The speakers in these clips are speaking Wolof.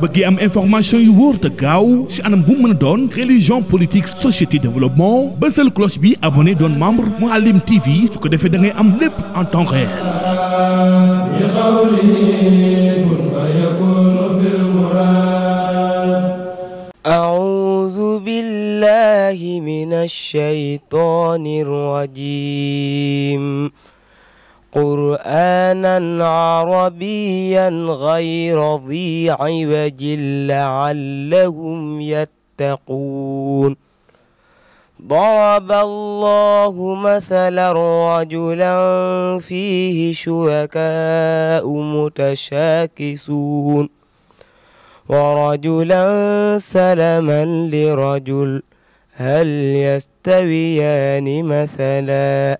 bëggee am information yu wóor te gaaw ci anam bu mën a doon religion politique société développement bësal cloche bi abonné doon membre Mouhalim TV su ko defee da ngay am lépp en temps réel أعوذ بالله من الشيطان الرجيم قرآنا عربيا غير ذي عوج لعلهم يتقون ضرب الله مثلا رجلا فيه شركاء متشاكسون ورجلا سلما لرجل هل يستويان مثلاً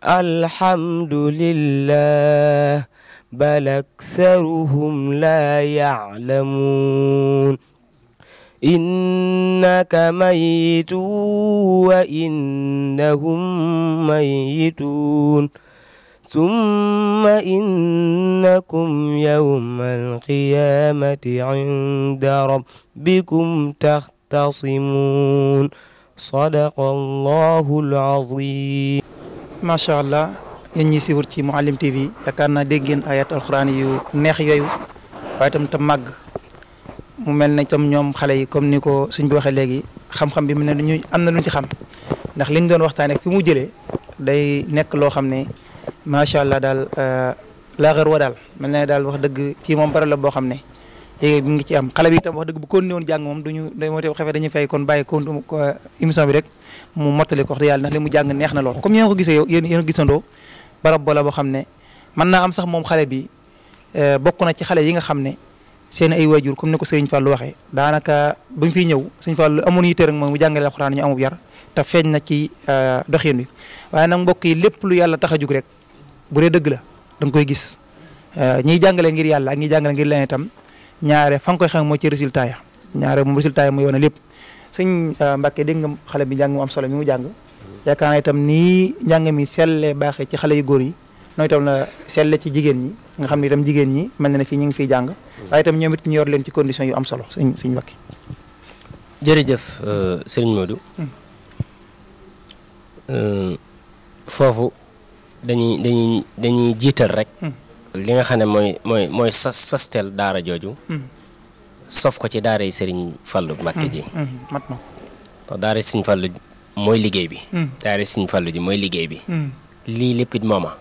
alhamdulillah bal aktharuhum la ya'lamun innaka mayitun wa innahum mayitun summa innakum yawmal qiyamati 'inda rabbikum taxtasimun sadaqallahul 'azim macha allah yéen ñiy siiwal ci Mouhalim TV yaakaar naa dégg ngeen ayat alxuraan yu neex yooyu waaye itam tam màgg mu mel ne tam ñoom xale yi comme ni ko suñ bi waxee léegi xam-xam bi mu ne ñu am na lu ñu ci xam ndax liñ doon waxtaanee fi mu jëlee day nekk loo xam ne macha allah daal euh, laaxar wa daal mel na ne daal wax dëgg ci moom bara la boo xam ne. léegi eh, mi am xale bi itam wax dëgg bu continué woon jàng moom duñu moo tax xefe dañuy fay kon bàyyi kon euh, émission jàng neex na lool ko gisee yow boo xam ne mën naa am sax moom xale bi euh, bokk na ci xale yi nga xam ne seen ay waajur comme ni ko fa Fallu waxee daanaka buñ fi ñëw Sëriñ Fallu amoon yitte rek mooy mu jàngale alxuraan ñu amub yar te feeñ na ci euh, doxin bi waaye nag mbokk yi lépp lu yàlla tax a jug rek bu dee dëgg la da koy gis ñiy jàngale ngir yàlla ak ñiy jàngale ngir leneen itam ñaare fa nga koy xam mooy ci résultat ya ñaare moom résultat ya mu yoone lépp sëñ euh, Mbacke dégg nga xale bi njàng mu am solo mi mu jàng yaakaar naa itam nii njàng mi sellee baaxee ci xale yu góor yi noonu itam la selle ci jigéen ñi nga xam ne itam jigéen ñi mel na ne fii ñu ngi fiy jàng waaye itam ñoom it leen ci condition yu am solo sëñ sëñ Mbacke jërëjëf euh, sëriñ hmm. euh, foofu dañuy dañuy jiital rek hmm. li nga xam ne mooy mooy mooy sas sasteel daara jooju. Hmm. sof ko ci daara yi Serigne Fallou Mbacké hmm. ji. Hmm. daara Serigne Fallou mooy liggéey bi. daara mooy liggéey bi. lii lépp it mooma.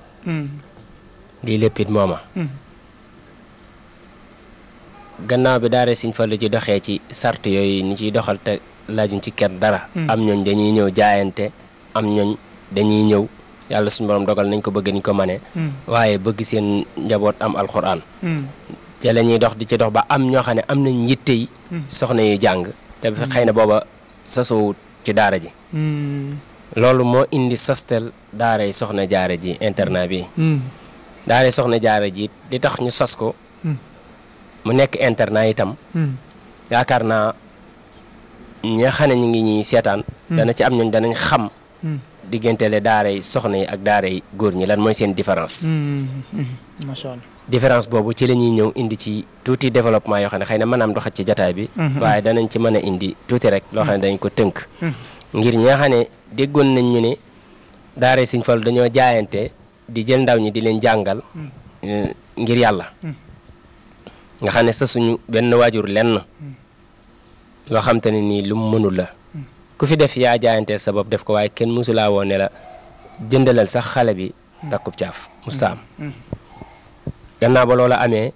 lii lépp mooma. gannaaw bi daara Serigne Fallou ji doxee ci sart yooyu ni ciy doxal te laajuñ ci kenn dara. am ñooñ dañuy ñëw jaayante am ñooñ dañuy ñëw. yàlla suñu borom dogal nañ ko bëgg niñ ko manee hmm. waaye bëgg seen njaboot am alxuraan hmm. te la ñuy dox di ci dox ba am ñoo xam ne am nañ yitte yi hmm. soxna yu jàng te xëy na booba sasowut ci daara ji loolu moo indi sostel daara yi soxna jaara ji internat bi daara yi soxna jaara ji di tax ñu sos ko mu nekk internat itam yaakaar naa ñi xam ne ñu ngi ñuy seetaan dana ci am ñooñ danañ xam diggantele daara yi soxna yi ak daara yi góor ñi lan mooy seen différence. Mm, mm, mm, macha allah différence boobu ci lañuy ñuy ñëw indi ci tuuti développement yoo xam ne xëy na maanaam du xaj ci jataay bi. Mm-hmm. waaye danañ ci mën a indi tuuti rek loo xam ne dañ ko tënk. Mm-hmm. ngir ñi nga xam ne déggoon nañ ñu ne daara yi Sëñ Fallu dañoo jaayante di jël ndaw ñi di leen jàngal. Euh, ngir yàlla. nga xam ne sa suñu benn waajur lenn. loo xam te ni lu mu mënul la. ku fi def yaa jaayantee sa bopp def ko waaye kenn mosulaa woon ne la jëndalal sax xale bi takkub caaf mustaam mm-hmm. gannaaw ba loola amee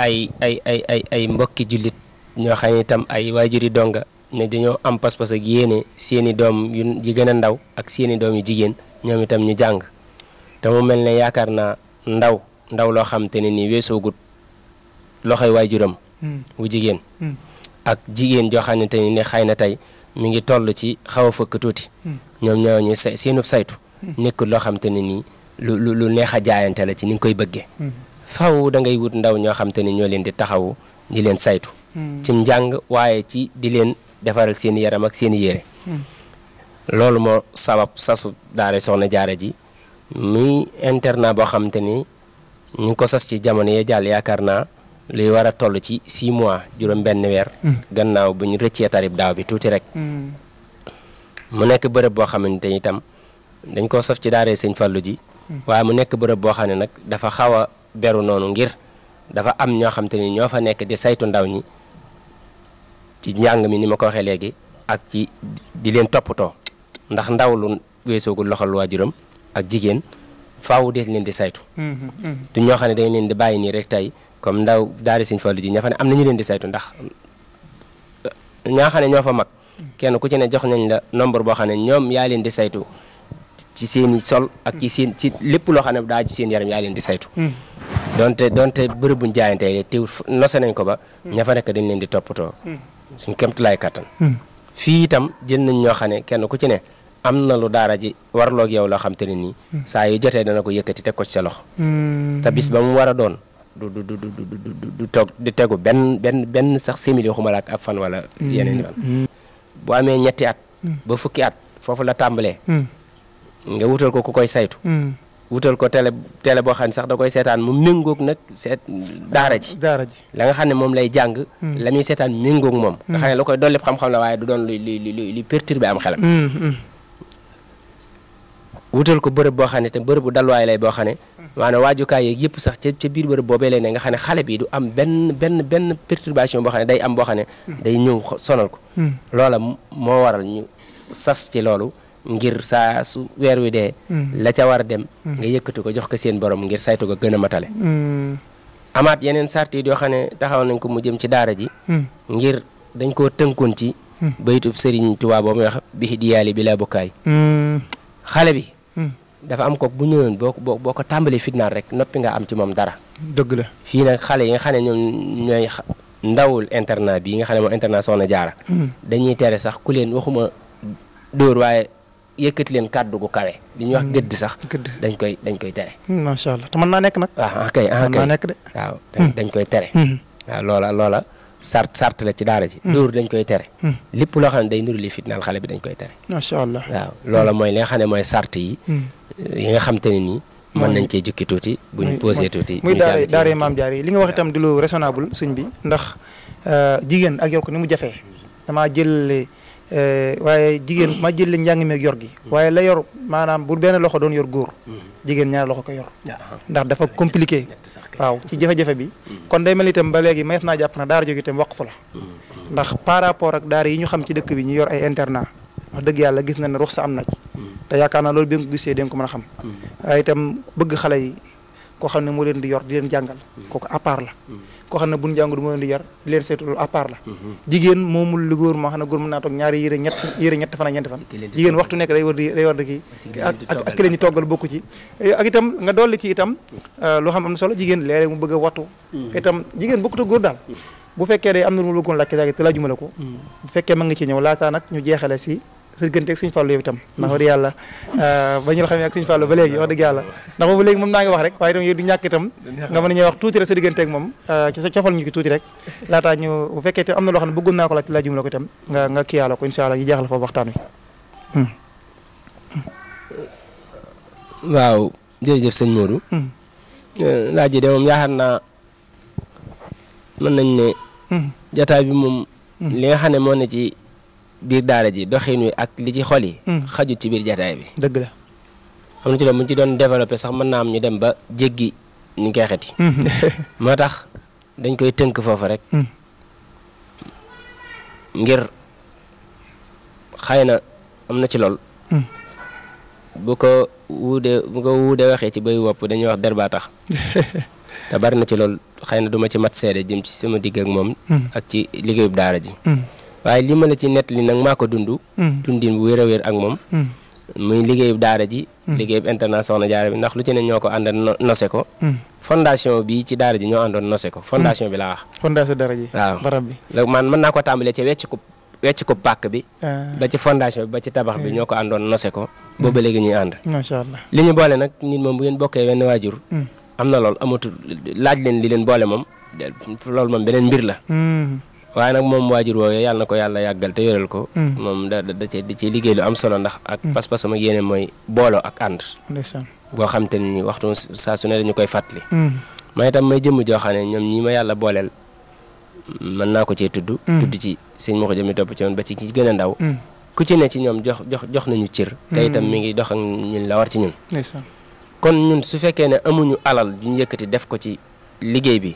ay ay ay ay mbokki jullit ñoo xam ne itam ay waajuri donga ne dañoo am pas-pas ak yéene seeni doom yu yi gën a ndaw ak seeni doom yu jigéen ñoom itam ñu jàng te mu mel ne yaakaar naa ndaw ndaw loo xam te ne nii weesoogut loxoy waajuram wu mm. jigéen mm. ak jigéen joo xam ne te ne xay na tey mu ngi toll ci xaw a fëkk tuuti. Hmm. ñoom ñoo ñu say seenub saytu. Hmm. nekkul loo xam te ne nii lu lu lu a jaayante la ci ni koy bëggee. Hmm. faw da ngay wut ndaw ñoo xam te ne ñoo leen di taxawu di leen saytu. ci njàng waaye ci di leen defaral seen yaram ak seen yére. loolu moo sabab sasu daara soxna jaara ji muy internat boo xam te ni ñu ko sas ci jamono yee jàll yaakaar naa. luy war a toll ci 6 mois juróom benn weer mm. gannaaw bu ñu rëccee tarib daaw bi tuuti rek mm. mu nekk bërëb boo xamante dañ koo sof ci daaree sëñ Fallou ji mm. waaye mu nekk bërëb boo xam ne nag dafa xaw a beru noonu ngir dafa am ñoo xam te ni ñoo fa nekk di saytu ndaw ñi ci njàng mi ni ma ko waxee léegi ak ci di leen toppatoo ndax ndaw lu weesoogul loxol waajuram ak jigéen faawu dees leen di saytu mm-hmm. Mm-hmm. du ñoo xam ne dañ leen di bàyyi nii rek tey comme ndaw daari Sëñ Fallu ji ña fa ne am na ñu leen di saytu ndax euh, ñoo fa mag kenn ku ci ne jox nañ la nombre boo xam ne ñoom yaa leen di saytu ci seeni sol ak ci seen ci lépp loo xam ne daa ci seen yaram yaa leen di saytu hmm. donte donte bërëb buñ jaayantee teew nose nañ ko ba hmm. ña fa nekk dañ leen di toppatoo hmm. suñ kemtulaay kattan fii itam jël nañ ñoo xam ne ku ci ne am na lu daara ji warloog yow loo xam te ne nii saa yu jotee dana ko yëkkati teg ko ci loxo a doon du du du toog di tegu benn benn benn sax simili xumala ak ab fan wala mm. yeneen fan mm. boo amee ñetti at mm. ba fukki at foofu la tàmbalee nga wutal ko ku koy saytu wutal ko télé télé boo xam ne sax da koy seetaan mu méngoog nag seet daara ji daara ji la xam ne moom lay jàng la seetaan méngoog moom nga xam ne la koy dolli xam-xam la waaye du doon luy luy luy luy am xelam wutal ko bërëb boo xam ne te bërëb bu dalwaay lay boo xam ne maanaam waajukaay yeeg yëpp sax ca ca biir bërëb boobee lay ne nga xam xale bi du am benn benn benn perturbation boo xam ne day am boo xam ne hmm. day ñëw sonal ko hmm. loola moo waral ñu sas ci loolu ngir saa su weer wi de hmm. la ca war a dem nga yëkkati ko jox ko seen borom ngir saytu ko gën a matale amaat yeneen sart yi yoo xam ne taxaw nañ ko mu jëm ci daara ji ngir dañ koo tënkoon ci baytub sëriñ Tuubaa boobu muy wax bi diyaali bi laa bokkaay xale bi dafa am kook bu ñëwoon boo ko boo ko tàmbalee fitnaal rek noppi nga am ci moom dara. dëgg la fii nag xale yi nga xam ne ñoom ñooy ndawul internat bi nga xam ne moom internat Soxna Jaara hmm. dañuy tere sax ku leen waxuma door waaye yëkkati leen kàddu gu kawe. li ñuy wax hmm. gëdd sax. dañ koy dañ koy tere. Hmm, macha te naa nekk nag. ah, ah kay ah kay mën dañ koy tere. loola loola. sart sart la ci daara ji. loolu hmm. dañ koy tere. Hmm. lépp loo xam ne day nuru li fitnaal xale bi dañ koy tere. macha allah waaw loola mooy li nga mooy sart yi. Hmm. Eh, yi nga xam te ne nii. nañ cee jukki tuuti bu ñu posé tuuti. muy daara maam jaar yi li nga wax di lu raisonnable suñ bi ndax euh, jigéen ak yow ni mu jafee damaa jël Eh, waaye jigéen ma jël njàng meeg yor gi waaye la yor maanaam bu benn loxo doon yor góor jigéen ñaar loxo ko yor ndax dafa compliqué waaw ci jafe-jafe bi kon day mel itam ba léegi mayees naa jàpp na daar jóg itam waqfu la ndax par rapport ak daara yi ñu xam ci dëkk bi ñu yor ay internat wax dëgg yàlla gis na ne ruxsa am na ci te yaakaar na loolu bi nga ko gisee da nga ko mën a xam waaye itam bëgg xale yi koo xam ne moo leen di yor di leen jàngal kooku à part la ko xam ne buñ jàng du ma leen di yar leen seetu loolu à la jigéen moom li góor ma xam ne góor mën naa toog ñaari yére ñett yére ñett fan a ñeenti fan jigéen waxtu nekk day war di day war di kii ak ki di toggal bokku ci ak itam nga li ci itam euh, loo xam am na solo jigéen léeg mu bëgg a wattu mm-hmm. itam jigéen bokkut ak góor daal mm-hmm. bu fekkee day am na lu la bëggoon laajte te laajuma la ko mm-hmm. bu fekkee ma nga ci ñëw laataa nag ñu jeexale si sa diggante ak sëñ Fallou yow itam ndax wax dëgg yàlla euh, ba ñu la xamee ak sëñ Fallou ba léegi wax dëgg yàlla ndax boobu léegi moom naa ngi wax rek waaye itam yow du ñàkk itam nga mën a ñuy wax tuuti rek sa diggante ak moom euh, ci sa cofal ñu ne bëggoon moom yaakaar naa hmm. moom hmm. ne ci biir daara ji doxin wi ak li ci xol yi. Hmm. xajut ci biir jataay bi. dëgg la. am na ci loolu mu ci doon développé sax mën naa am ñu dem ba jéggi ñu koy xeti hmm. moo tax dañ koy tënk foofu rek. Hmm. ngir xëy na am na ci lool. bu ko wuudee bu ko wuudee waxee ci béyu wopp dañu wax der baa tax te bari na ci lool xëy na duma ci mat seede jëm ci sama digg ak moom. ak ci liggéeyub daara ji. waaye li ma la ci nettali nag maa ko dund. Hmm. dundin bu wér a wér ak moom. Hmm. muy liggéeyub daara ji. Hmm. liggéeyub internat Soxna Jaara bi ndax lu ci ne ñoo ko àndoon nose ko. fondation bi ci daara ji ñoo àndoon nose ko fondation bi laa wax. fondation daara ji. waaw man mën naa ko tàmbalee ca wecc ko wecc ko pàkk bi. Ah. ba ci fondation bi ba ci tabax bi eh. ñoo ko àndoon nose ko. booba léegi ñuy ànd. macha li ñu boole nag nit moom bu ngeen bokkee wenn waajur. am na loolu amatul laaj leen li leen boole moom loolu moom beneen mbir la. waaye nag moom waajur woowee yal na ko yàlla yàggal te yoreel ko. Mm. moom da da cee liggéey lu am solo ndax. ak mm. pas-pasam ak yéene mooy booloo ak ànd. boo xam te ni waxtu saa su ne dañu koy fàttali. Mm. may itam may jëmm joo xam ne ñoom ñi ma yàlla booleel mën naa ko cee tudd. tudd ci sëñ Mokho Jami topp ci ba ci ki gën a ndaw. ku ci ne ci ñoom jox jox jox nañu cër. te itam mi ngi dox ak ñun la war ci ñun. kon ñun su fekkee ne amuñu alal duñu yëkkati def ko ci liggéey bi.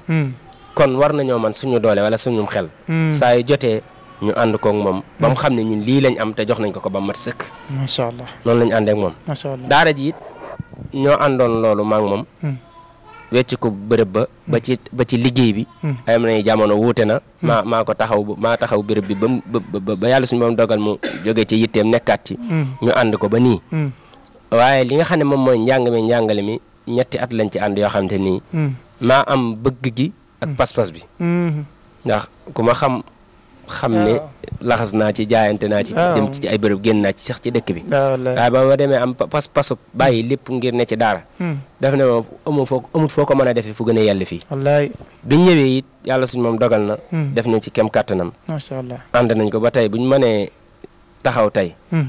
kon war nañoo man suñu doole wala suñu xel. Hmm. saa yu jotee ñu ànd koog moom. ba mu xam ne ñun lii lañ am te jox nañ ko ko ba mat sëkk. macha allah noonu lañ àndee ak moom. macha allah daara ji it ñoo àndoon loolu maa ngi moom. Hmm. wecc ko bërëb ba ba ci ba ci liggéey bi. am hmm. na jamono wuute na. maa maa ko taxaw maa taxaw bërëb bi ba mu ba ba yàlla suñu moom dogal mu jógee ci yitteem nekkaat ci. ñu ànd ko ba nii. waaye li nga xam ne moom mooy njàng mi njàngale mi ñetti at lañ ci ànd yoo xam te nii. maa am bëgg ak pas-pas bi mm-hmm. ndax ku ma xam xam ne ah. laxas naa ci jaayante naa ci ah. dem ci ay bërëb génn naa ci sax ci dëkk bi ah, waaye ba ma demee am pas pasu bàyyi lépp ngir ne ci daara hmm. daf ne moom amul foo amul ko mën a defee fu gën a yàlla fii biñ ñëwee it yàlla suñ moom dogal na hmm. def nañ ci kem kàttanam macha allah ànd nañ ko ba tey buñ mënee taxaw tey hmm.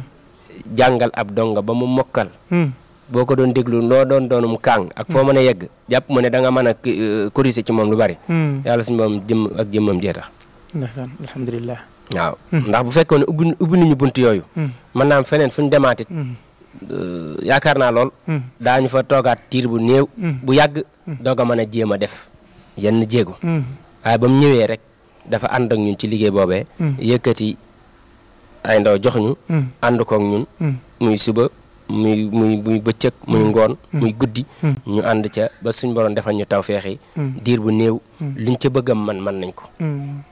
jàngal ab donga ba mu mokkal boo ko doon déglu noo doon doonum kàng ak foo hmm. mën a yegg jàpp ma ne da nga mën a euh, corriger ci moom lu bari. Hmm. yàlla suñu moom jëmm ak jëmmam jee tax. ndeysaan alhamdulilah. waaw hmm. ndax bu fekkoon ubbi ubbi nañu bunt yooyu. mën naa am feneen fu ñu demaatit euh, yaakaar naa lool. daañu fa toogaat tiir bu néew. bu yàgg doog a a jéem a def yenn jéego. waaye ba mu ñëwee rek dafa ànd ñun ci liggéey boobee. yëkkati ay ndaw jox ñu. ànd ñun. muy suba. muy muy muy bëccëg muy mm. ngoon mm. muy guddi mm. ñu ànd ca ba suñ borom defal ñu taw feex yi diir bu néew luñ ca bëggam man man nañ ko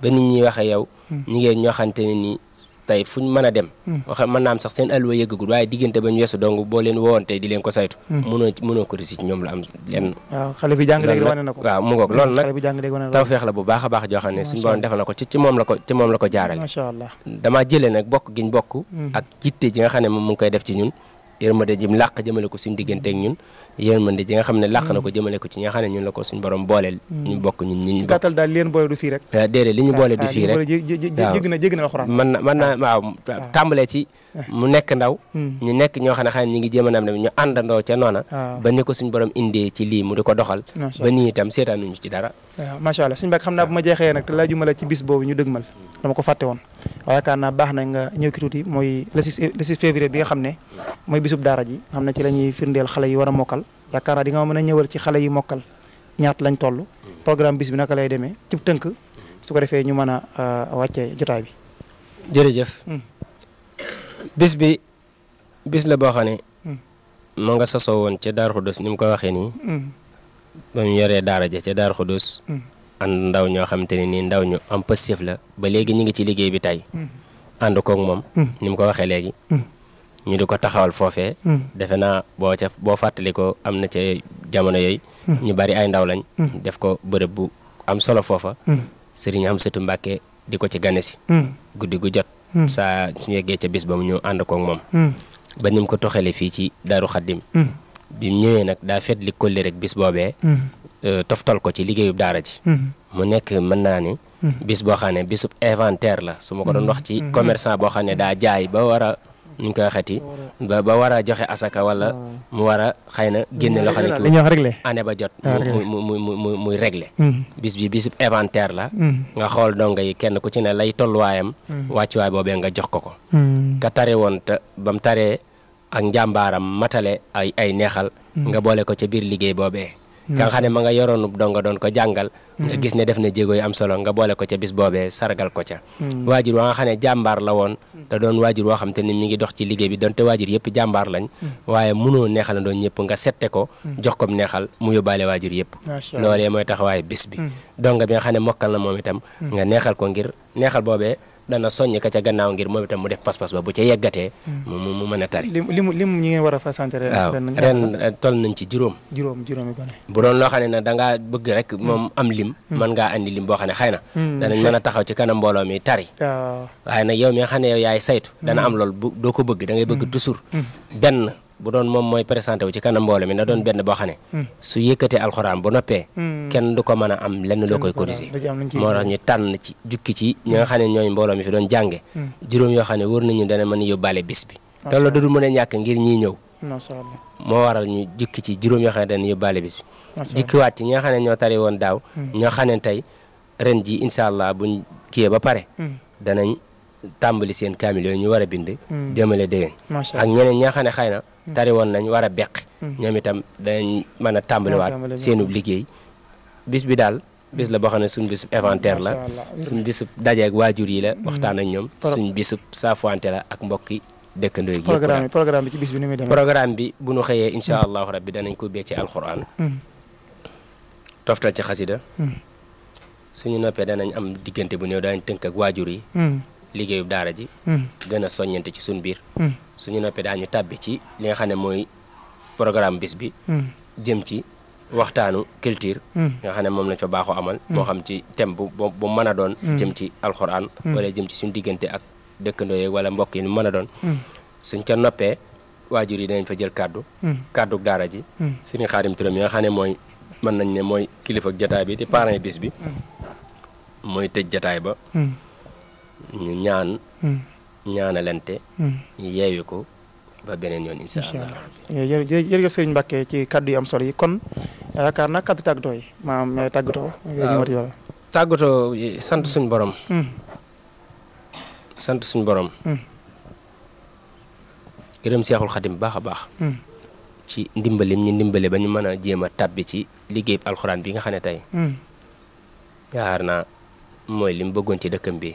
ba nit ñi waxe yow ñi ngeen ñoo xamante ne nii tey fuñ mën a dem waxa naa am sax seen alwa yëggagul waaye diggante ba ñu weesu dong boo leen woowante di leen ko saytu mënoo ko rési ñoom la am lenn waaw mu ngoog loolu nag taw la bu baax a baax joo xam ne suñ borom defal na ko ci ci moom la ko ci moom la ko jaarale damaa jëlee nag bokk giñ bokk ak jitte ji nga xam ne moom mu ngi koy def ci ñun yërmande jim làq jëmale ko suñu diggante ak ñun yërmande ji nga xam ne làq na ko mm. jëmale ko ci ñi nga xam ne ñun la ko suñu borom booleel mm. ñu bokk ñun ñi ñu gàttal daal leen boole du fii rek ah, déedéet li ñu ah, boole du ah, fii rek jégg na jégg na alxuraan mën na mën na waaw tàmbalee ci mu nekk ndaw mm. ñu nekk ñoo xam ne xam ne ñi ngi jéem a naam ñu àndandoo ca noona ba ni ko suñu borom indee ci lii mu di ko doxal ba nii itam seetaanuñu ci dara waaw macha allah suñu xam naa bu ma jeexee nag te laajuma la ci bis boobu ñu dëgmal dama ko fàtte woon waaye yaakaar naa baax na nga ñëw ki tuuti mooy le 6 février bi nga xam ne mooy bisub daara ji xam na ci la ñuy firndeel xale yi war a mokkal yaakaar di nga mën a ñëwal ci xale yi mokkal ñaat lañ toll programme bis bi naka lay demee ci tënk su ko defee ñu mën a euh, wàcce jotaay bi jërëjëf hmm. bis bi bis la boo xam ne mu hmm. nga sasoo woon ca Daaru Xudoos ni mu koy waxee nii hmm. ba mu yoree daara ja ca Daaru Xudus mm. ànd ndaw ñoo xamante ne ni ndaw ñu am positif la ba léegi ñu ngi ci liggéey bi tey mm. ànd koog moom mm. ni mu ko waxee léegi ñu di ko taxawal foofe defe naa boo ca boo fàttali ko am na ca jamono yooyu ñu bari ay ndaw lañ def ko bërëb bu am solo foofa sëriñ Amsatu Mbàkke di ko ci gane si guddi gu jot saa ñu yeggee ca bis ba mu ñu ànd koog moom ba nim ko toxale fii ci Daaru Xaddim bi mu ñëwee nag daa fet kolli rek bis boobee. Hmm. Euh, toftal ko ci liggéeyub daara ji. Hmm. mu nekk mën naa ni. Hmm. bis boo xam ne bisub inventaire la su ma ko doon wax ci commerçant boo xam ne daa jaay ba war ñu koy waxati ba ba war a joxe asaka wala ah. mu war a xëy na génne loo xam ne kii année ba jot mu mu mu mu muy réglé bis bi bisub inventaire la nga xool donga yi kenn ku ci ne lay tolluwaayam wàccuwaay boobee nga jox ko ko ka tare woon te bam taree ak njàmbaaram matale ay ay neexal hmm. nga boole ko ca biir liggéey boobee hmm. ka nga ma nga yoroonu donga doon ko jàngal hmm. nga gis ne def na jéego am solo nga boole ko ca bis boobee sargal ko ca waajur wa nga xam ne jàmbaar la woon te doon waajur woo xam te ni mu ngi dox ci liggéey bi donte waajur yëpp jàmbaar lañ waaye mënoo neexal na doon ñëpp nga sette ko jox ko neexal mu yóbbaale waajur yëpp loolee mooy taxawaayu bis bi donga bi nga xam ne mokkal na moom itam nga neexal ko ngir neexal boobee dana soññ ka ca gannaaw ngir moom itam mu def pas ba bu ca yeggatee. Hmm. mu mu mu a tari. lim ñi ngeen war a fasante ren. waaw ren toll nañ ci juróom. juróom juróomi gone. bu da ngaa bëgg rek hmm. moom am lim. Hmm. mën ngaa andi lim boo xam ne xëy na. a taxaw ci kanam tari. waaw waaye nag yow mi yaay saytu. dana am loolu bu bëgg da ngay bëgg toujours bu doon moom mooy présenté wu ci kanam mbooloo mi na doon benn boo xam hmm. su yëkkatee alxuraan bu noppee hmm. kenn du ko mën a am lenn loo koy corriger moo tax ñu tànn ci jukki ci ñi nga hmm. xam ne ñooy mbooloo mi fi doon jànge juróom yoo xam ne nañu dana mën a bis bi te loolu du a ñàkk ngir ñiy ñëw moo waral ñu jukki ci juróom yoo xam ne dana yóbbaale bis bi jukkiwaat ci ñi nga xam ne ñoo tari woon daaw ñoo xam ne tey ren ji incha allah buñ kiyee ba pare danañ tàmbali seen kaamil yooyu ñu war a bind. Hmm. jëmale déwén. ak ñeneen ñi ne xëy na hmm. tari woon nañ war a beq. Hmm. ñoom itam danañ mën a tàmbaliwaat seenub liggéey bis bi daal. bis la boo xam ne suñ bisub inventaire la suñ bisub daje ak waajur yi la waxtaan ak ñoom suñ bisub saafuwante la ak mbokki dëkkandoo yi programme programme bi ci bis bi ni muy demee bi bu ñu xëyee insha allahu rabbi danañ ko bee ci alxuraan toftal ci xasida suñu noppee danañ am diggante bu néew danañ tënk ak yi liggéeyub daara ji hmm. gën a soññante ci suñ biir hmm. suñu noppee daañu tàbbi ci li nga xam ne mooy programme bis bi hmm. jëm ci waxtaanu culture nga xam ne moom lañ fa baaxoo amal moo xam ci thème bu a doon jëm ci alxuraan wala jëm ci suñu diggante ak dëkkandoo yeeg wala mbokk yi mën doon suñ ca noppee waajur yi danañ fa jël kàddu kàddu daara ji sëriñ Xaadim Turam yi nga xam ne mooy mën nañ ne mooy kilifa jataay bi di parrain bis bi mooy tëj jataay ba ñu ñaan hmm. ñaanalante hmm. ñu yeewi ko ba beneen yoon incha allah eh, jërëjëf jërëjëf Serigne Mbacke ci kàddu yu am solo yi kon yaakaar naa kaddu tàggatoo yi maam ñooy eh, tàggatoo tàggatoo sant suñ borom hmm. sant suñ borom gërëm seexul xadim baax a baax ci ndimbalim ñu ndimbale ba ñu mën a jéem a tàbbi ci liggéey alxuraan bi nga xam ne tey yaakaar naa mooy lim bëggoon ci dëkkam bi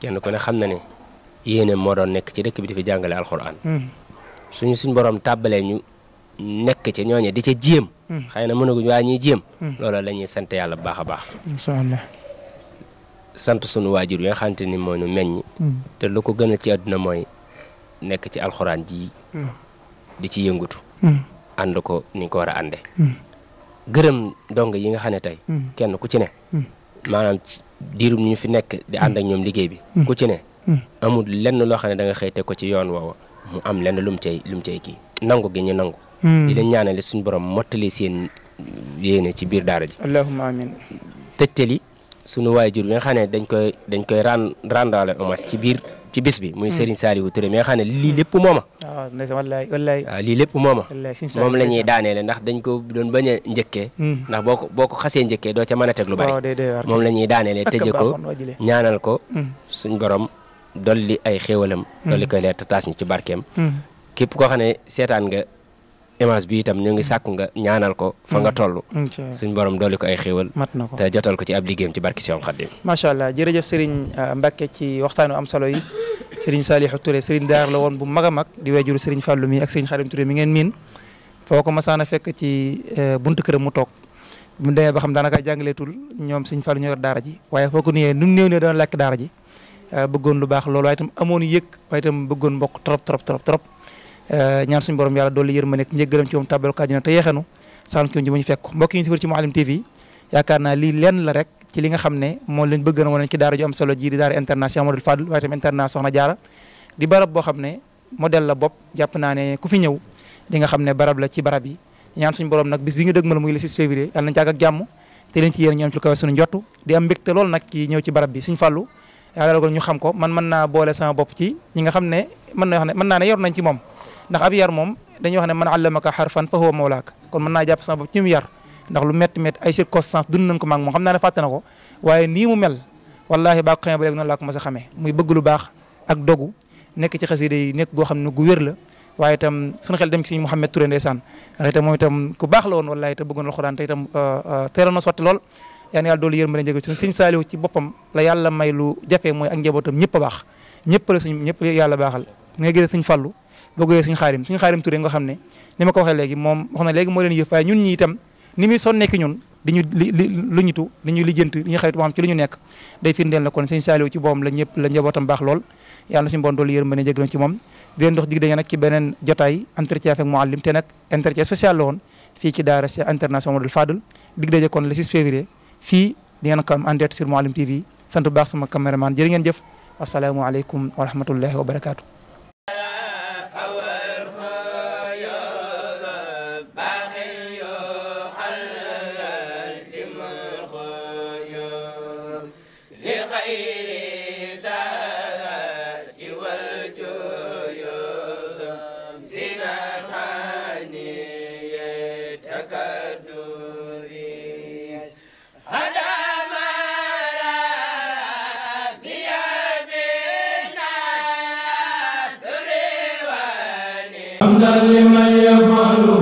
kenn ku ne xam na ne yéene moo doon nekk ci dëkk bi di fi jàngale alxuraan hmm. suñu suñ boroom tàbbalee ñu nekk ci ñooñe di ca jéem hmm. xay na mënaguñ waaye ñuy jéem hmm. loolu la ñuy sant yàlla bu baax a baax inshallah sant sunu waajur yi nga xamante ni moo ñu meññ te lu ko gënal ci àdduna mooy nekk ci alxuraan ji di ci yëngutu ànd ko ni ko war a ànde gërëm dong yi nga xam tey kenn ku ci ne maanaam diirum ñu fi nekk di ànd ak ñoom liggéey bi mm. ku ci ne mm. amul lenn loo xam ne da xëy teg ko ci yoon woowa mu am lenn lu mu cay lu mu cay kii nangu gi ñu nangu mm. di leen ñaanale suñu borom mottali seen yéene ci biir daara ji allahumma amin tëjtali sunu waajur bi nga xam ne dañ koy dañ koy ran rendaale hommage ci biir ci bis bi. muy hmm. Serigne Saliou Touré mi nga xam ne lii lépp mooma. waaw ah, wallaay wallaay. waaw ah, lii lépp mooma. moom la ñuy daaneele ndax dañ ko doon bañ a njëkkee. Hmm. ndax boo ko boo ko xasee njëkkee doo ca mën a teg lu oh, ko ñaanal ko. Hmm. suñ ci barkeem. képp koo xam ne image bi itam ñu ngi sàkku nga ñaanal ko fa nga mm. toll mm, suñ borom dooli ko ay xéewal mat na ko te jotal ko ci ab liggéeyam ci barki Seexul Xaadim macha allah jërëjëf Serigne euh, Mbacke ci waxtaanu am solo yi Serigne Saliou Touré Serigne Daar la woon bu mag a mag di wejuru Serigne Fallou mi ak Serigne Xaadim Touré mi ngeen miin foo ko masaana fekk ci euh, bunt këram mu toog mu demee ba xam daanaka jàngaleetul ñoom Serigne Fallou ñoo daara ji waaye foo ko nuyee nu néew ne doon lakk daara ji euh, bëggoon lu baax loolu waaye itam amoon yëg waaye itam bëggoon mbokk trop trop trop trop Euh, ñaan suñu borom yàlla la yërmande ak njëggalam ci moom tàbbal ko àjjana te yeexanu saan naa lii lenn la rek li nga xam ne moo leen bëgg na wane ci daara ju am solo ji di daara boo xam ne modèle la jàpp naa ne ku fi ñëw nga xam ne barab la ci yi ñaan suñu borom nag bi ñu dëgmal muy le 6 février yàlla nañ ci àgg ak jàmm te ñu am ci lu kawe suñu ñu xam ko man mën naa boole sama bopp ci ñi nga xam ne mën naa wax ne mën naa ne yor nañ ci moom ndax ab yar moom dañuy wax ne man allamaka harfan fa huwa mawlaaka kon mën naa jàpp sama bopp ci yar ndax lu métti métti ay circonstances dund nañ ko maag moom xam naa ne fàtte na ko waaye nii mu mel wallahi baa ko xamee ba léegi noonu laa ko mos a xamee muy bëgg lu baax ak dogu nekk ci xasida yi nekk goo xam ne gu wér la waaye tam suñu xel dem ci Serigne Mouhamed Touré ndeysaan ndax itam moom itam ku baax la woon wallahi te bëggoon alxuraan te itam euh, euh, teeloon na sotti lool yaa ni yàlla doolu yërmande jégal suñu Serigne Saliou ci boppam la yàlla may lu jafe mooy ak njabootam ñëpp baax ñëpp la suñ ñëpp yàlla baaxal nga gis Serigne Fallou bëgg yooyu suñu xaarim suñu xaarim Touré nga xam ne ni ma ko waxee léegi moom wax na léegi moo leen yëf waaye ñun ñi itam ni muy son nekk ñun di ñu li lu ñitu li ñu lijjanti li ñu xaritu boo xam ci li ñu nekk day firndeel na kon sëñ Saliou ci boobam la ñëpp la njabootam baax lool yàlla na suñu bon doolu yërmande jéggal ci moom di leen dox dig dañu nag ci beneen jotaay entretien avec Mouhalim te nag entretien spécial la woon fii ci daara Cheikh International Modou Fadel dig daje kon le 6 février fii di ngeen ko am en direct sur Mouhalim TV sant bu baax sama caméraman jërë ngeen jëf